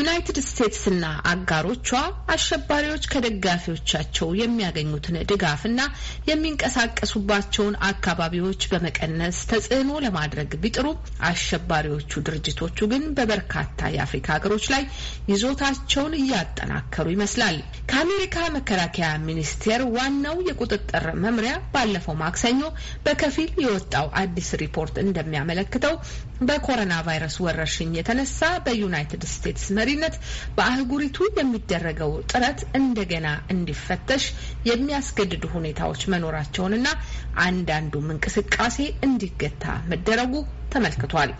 ዩናይትድ ስቴትስና አጋሮቿ አሸባሪዎች ከደጋፊዎቻቸው የሚያገኙትን ድጋፍና የሚንቀሳቀሱባቸውን አካባቢዎች በመቀነስ ተጽዕኖ ለማድረግ ቢጥሩ አሸባሪዎቹ ድርጅቶቹ ግን በበርካታ የአፍሪካ ሀገሮች ላይ ይዞታቸውን እያጠናከሩ ይመስላል። ከአሜሪካ መከላከያ ሚኒስቴር ዋናው የቁጥጥር መምሪያ ባለፈው ማክሰኞ በከፊል የወጣው አዲስ ሪፖርት እንደሚያመለክተው በኮሮና ቫይረስ ወረርሽኝ የተነሳ በዩናይትድ ስቴትስ መሪ መሪነት በአህጉሪቱ የሚደረገው ጥረት እንደገና እንዲፈተሽ የሚያስገድዱ ሁኔታዎች መኖራቸውንና አንዳንዱም እንቅስቃሴ እንዲገታ መደረጉ ተመልክቷል።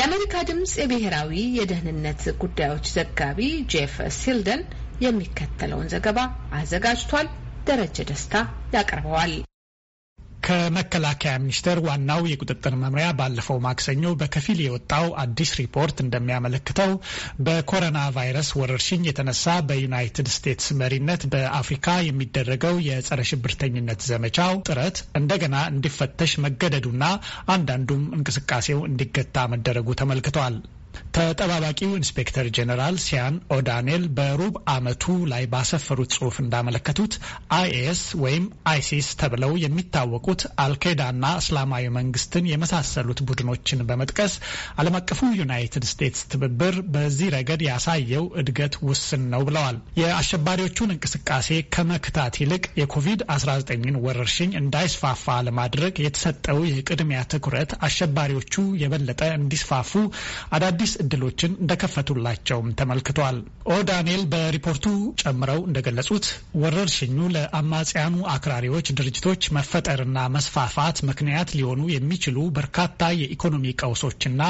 የአሜሪካ ድምጽ የብሔራዊ የደህንነት ጉዳዮች ዘጋቢ ጄፍ ሲልደን የሚከተለውን ዘገባ አዘጋጅቷል። ደረጀ ደስታ ያቀርበዋል። ከመከላከያ ሚኒስቴር ዋናው የቁጥጥር መምሪያ ባለፈው ማክሰኞ በከፊል የወጣው አዲስ ሪፖርት እንደሚያመለክተው በኮሮና ቫይረስ ወረርሽኝ የተነሳ በዩናይትድ ስቴትስ መሪነት በአፍሪካ የሚደረገው የጸረ ሽብርተኝነት ዘመቻው ጥረት እንደገና እንዲፈተሽ መገደዱና አንዳንዱም እንቅስቃሴው እንዲገታ መደረጉ ተመልክቷል። ተጠባባቂው ኢንስፔክተር ጀኔራል ሲያን ኦዳኔል በሩብ ዓመቱ ላይ ባሰፈሩት ጽሑፍ እንዳመለከቱት አይኤስ ወይም አይሲስ ተብለው የሚታወቁት ና እስላማዊ መንግስትን የመሳሰሉት ቡድኖችን በመጥቀስ ዓለም አቀፉ ዩናይትድ ስቴትስ ትብብር በዚህ ረገድ ያሳየው እድገት ውስን ነው ብለዋል። የአሸባሪዎቹን እንቅስቃሴ ከመክታት ይልቅ የኮቪድ-19ን ወረርሽኝ እንዳይስፋፋ ለማድረግ የተሰጠው የቅድሚያ ትኩረት አሸባሪዎቹ የበለጠ እንዲስፋፉ አዳዲስ አዳዲስ እድሎችን እንደከፈቱላቸውም ተመልክቷል። ኦ ዳንኤል በሪፖርቱ ጨምረው እንደገለጹት ወረርሽኙ ለአማጽያኑ አክራሪዎች ድርጅቶች መፈጠርና መስፋፋት ምክንያት ሊሆኑ የሚችሉ በርካታ የኢኮኖሚ ቀውሶችና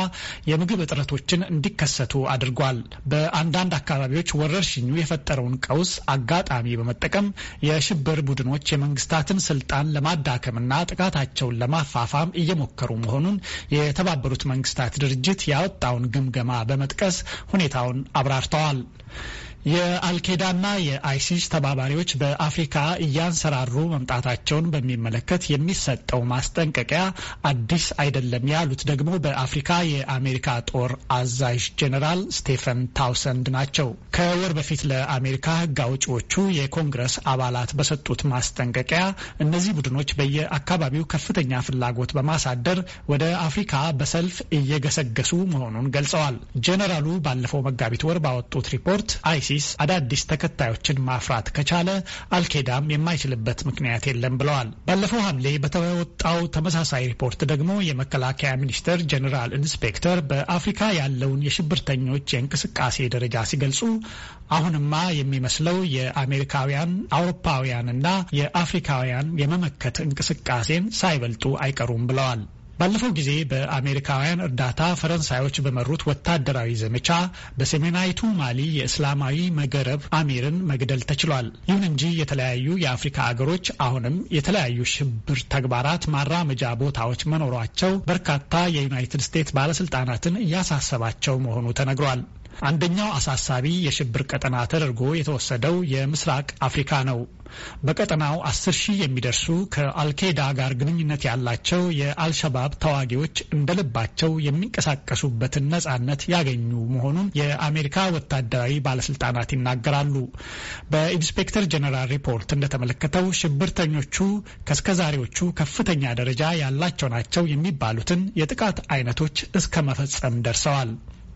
የምግብ እጥረቶችን እንዲከሰቱ አድርጓል። በአንዳንድ አካባቢዎች ወረርሽኙ የፈጠረውን ቀውስ አጋጣሚ በመጠቀም የሽብር ቡድኖች የመንግስታትን ስልጣን ለማዳከምና ጥቃታቸውን ለማፋፋም እየሞከሩ መሆኑን የተባበሩት መንግስታት ድርጅት ያወጣውን ግምገማ በመጥቀስ ሁኔታውን አብራርተዋል። የአልኬዳና የአይሲስ ተባባሪዎች በአፍሪካ እያንሰራሩ መምጣታቸውን በሚመለከት የሚሰጠው ማስጠንቀቂያ አዲስ አይደለም ያሉት ደግሞ በአፍሪካ የአሜሪካ ጦር አዛዥ ጄኔራል ስቴፈን ታውሰንድ ናቸው። ከወር በፊት ለአሜሪካ ሕግ አውጪዎቹ የኮንግረስ አባላት በሰጡት ማስጠንቀቂያ እነዚህ ቡድኖች በየአካባቢው ከፍተኛ ፍላጎት በማሳደር ወደ አፍሪካ በሰልፍ እየገሰገሱ መሆኑን ገልጸዋል። ጄኔራሉ ባለፈው መጋቢት ወር ባወጡት ሪፖርት አይሲ አልሲስ አዳዲስ ተከታዮችን ማፍራት ከቻለ አልኬዳም የማይችልበት ምክንያት የለም ብለዋል። ባለፈው ሐምሌ በተወጣው ተመሳሳይ ሪፖርት ደግሞ የመከላከያ ሚኒስቴር ጀኔራል ኢንስፔክተር በአፍሪካ ያለውን የሽብርተኞች የእንቅስቃሴ ደረጃ ሲገልጹ አሁንማ የሚመስለው የአሜሪካውያን አውሮፓውያንና የአፍሪካውያን የመመከት እንቅስቃሴን ሳይበልጡ አይቀሩም ብለዋል። ባለፈው ጊዜ በአሜሪካውያን እርዳታ ፈረንሳዮች በመሩት ወታደራዊ ዘመቻ በሰሜናዊቱ ማሊ የእስላማዊ መገረብ አሚርን መግደል ተችሏል። ይሁን እንጂ የተለያዩ የአፍሪካ አገሮች አሁንም የተለያዩ ሽብር ተግባራት ማራመጃ ቦታዎች መኖሯቸው በርካታ የዩናይትድ ስቴትስ ባለስልጣናትን እያሳሰባቸው መሆኑ ተነግሯል። አንደኛው አሳሳቢ የሽብር ቀጠና ተደርጎ የተወሰደው የምስራቅ አፍሪካ ነው። በቀጠናው አስር ሺህ የሚደርሱ ከአልኬዳ ጋር ግንኙነት ያላቸው የአልሸባብ ተዋጊዎች እንደልባቸው የሚንቀሳቀሱበትን ነጻነት ያገኙ መሆኑን የአሜሪካ ወታደራዊ ባለስልጣናት ይናገራሉ። በኢንስፔክተር ጀኔራል ሪፖርት እንደተመለከተው ሽብርተኞቹ ከእስከዛሬዎቹ ከፍተኛ ደረጃ ያላቸው ናቸው የሚባሉትን የጥቃት አይነቶች እስከ መፈጸም ደርሰዋል።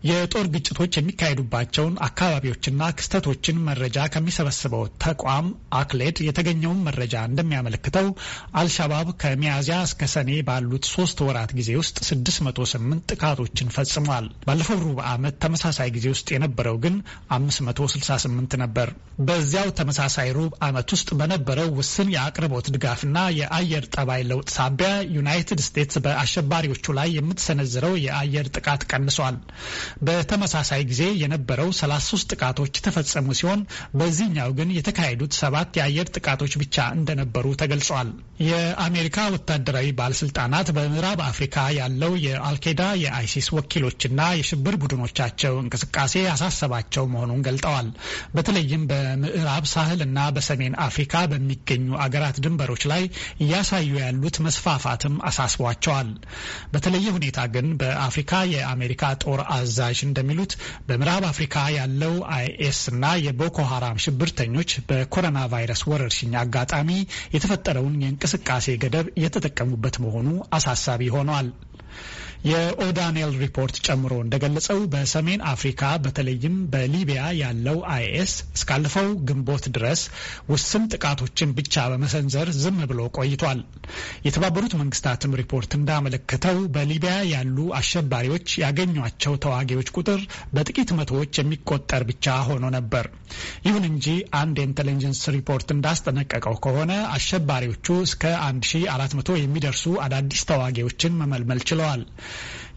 የጦር ግጭቶች የሚካሄዱባቸውን አካባቢዎችና ክስተቶችን መረጃ ከሚሰበስበው ተቋም አክሌድ የተገኘውን መረጃ እንደሚያመለክተው አልሻባብ ከሚያዝያ እስከ ሰኔ ባሉት ሶስት ወራት ጊዜ ውስጥ 608 ጥቃቶችን ፈጽሟል። ባለፈው ሩብ ዓመት ተመሳሳይ ጊዜ ውስጥ የነበረው ግን 568 ነበር። በዚያው ተመሳሳይ ሩብ ዓመት ውስጥ በነበረው ውስን የአቅርቦት ድጋፍና የአየር ጠባይ ለውጥ ሳቢያ ዩናይትድ ስቴትስ በአሸባሪዎቹ ላይ የምትሰነዝረው የአየር ጥቃት ቀንሷል። በተመሳሳይ ጊዜ የነበረው 33 ጥቃቶች የተፈጸሙ ሲሆን በዚህኛው ግን የተካሄዱት ሰባት የአየር ጥቃቶች ብቻ እንደነበሩ ተገልጿል። የአሜሪካ ወታደራዊ ባለስልጣናት በምዕራብ አፍሪካ ያለው የአልኬዳ የአይሲስ ወኪሎችና የሽብር ቡድኖቻቸው እንቅስቃሴ ያሳሰባቸው መሆኑን ገልጠዋል። በተለይም በምዕራብ ሳህል እና በሰሜን አፍሪካ በሚገኙ አገራት ድንበሮች ላይ እያሳዩ ያሉት መስፋፋትም አሳስቧቸዋል። በተለየ ሁኔታ ግን በአፍሪካ የአሜሪካ ጦር አዛ አዛዥ እንደሚሉት በምዕራብ አፍሪካ ያለው አይኤስ እና የቦኮ ሀራም ሽብርተኞች በኮሮና ቫይረስ ወረርሽኝ አጋጣሚ የተፈጠረውን የእንቅስቃሴ ገደብ እየተጠቀሙበት መሆኑ አሳሳቢ ሆኗል። የኦዳኔል ሪፖርት ጨምሮ እንደገለጸው በሰሜን አፍሪካ በተለይም በሊቢያ ያለው አይኤስ እስካለፈው ግንቦት ድረስ ውስን ጥቃቶችን ብቻ በመሰንዘር ዝም ብሎ ቆይቷል። የተባበሩት መንግስታትም ሪፖርት እንዳመለከተው በሊቢያ ያሉ አሸባሪዎች ያገኟቸው ተዋጊዎች ቁጥር በጥቂት መቶዎች የሚቆጠር ብቻ ሆኖ ነበር። ይሁን እንጂ አንድ የኢንቴሊጀንስ ሪፖርት እንዳስጠነቀቀው ከሆነ አሸባሪዎቹ እስከ 1400 የሚደርሱ አዳዲስ ተዋጊዎችን መመልመል ችለዋል።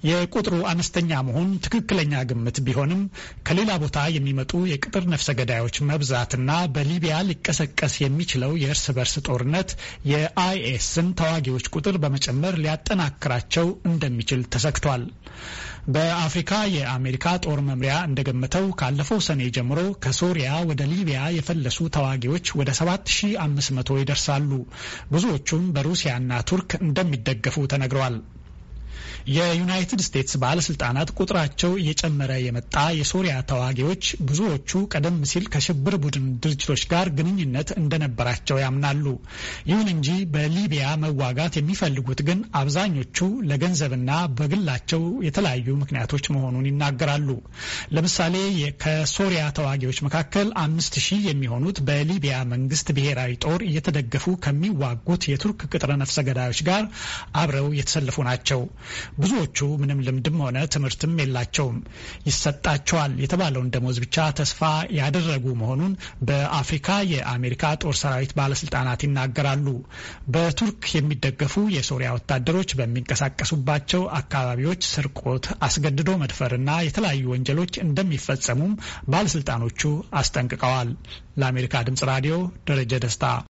የቁጥሩ አነስተኛ መሆን ትክክለኛ ግምት ቢሆንም ከሌላ ቦታ የሚመጡ የቅጥር ነፍሰ ገዳዮች መብዛትና በሊቢያ ሊቀሰቀስ የሚችለው የእርስ በርስ ጦርነት የአይኤስን ተዋጊዎች ቁጥር በመጨመር ሊያጠናክራቸው እንደሚችል ተሰግቷል። በአፍሪካ የአሜሪካ ጦር መምሪያ እንደገመተው ካለፈው ሰኔ ጀምሮ ከሶሪያ ወደ ሊቢያ የፈለሱ ተዋጊዎች ወደ 7500 ይደርሳሉ። ብዙዎቹም በሩሲያና ቱርክ እንደሚደገፉ ተነግረዋል። የዩናይትድ ስቴትስ ባለስልጣናት ቁጥራቸው እየጨመረ የመጣ የሶሪያ ተዋጊዎች ብዙዎቹ ቀደም ሲል ከሽብር ቡድን ድርጅቶች ጋር ግንኙነት እንደነበራቸው ያምናሉ። ይሁን እንጂ በሊቢያ መዋጋት የሚፈልጉት ግን አብዛኞቹ ለገንዘብና በግላቸው የተለያዩ ምክንያቶች መሆኑን ይናገራሉ። ለምሳሌ ከሶሪያ ተዋጊዎች መካከል አምስት ሺህ የሚሆኑት በሊቢያ መንግስት ብሔራዊ ጦር እየተደገፉ ከሚዋጉት የቱርክ ቅጥረ ነፍሰ ገዳዮች ጋር አብረው የተሰለፉ ናቸው። ብዙዎቹ ምንም ልምድም ሆነ ትምህርትም የላቸውም። ይሰጣቸዋል የተባለውን ደሞዝ ብቻ ተስፋ ያደረጉ መሆኑን በአፍሪካ የአሜሪካ ጦር ሰራዊት ባለስልጣናት ይናገራሉ። በቱርክ የሚደገፉ የሶሪያ ወታደሮች በሚንቀሳቀሱባቸው አካባቢዎች ስርቆት፣ አስገድዶ መድፈርና የተለያዩ ወንጀሎች እንደሚፈጸሙም ባለስልጣኖቹ አስጠንቅቀዋል። ለአሜሪካ ድምጽ ራዲዮ ደረጀ ደስታ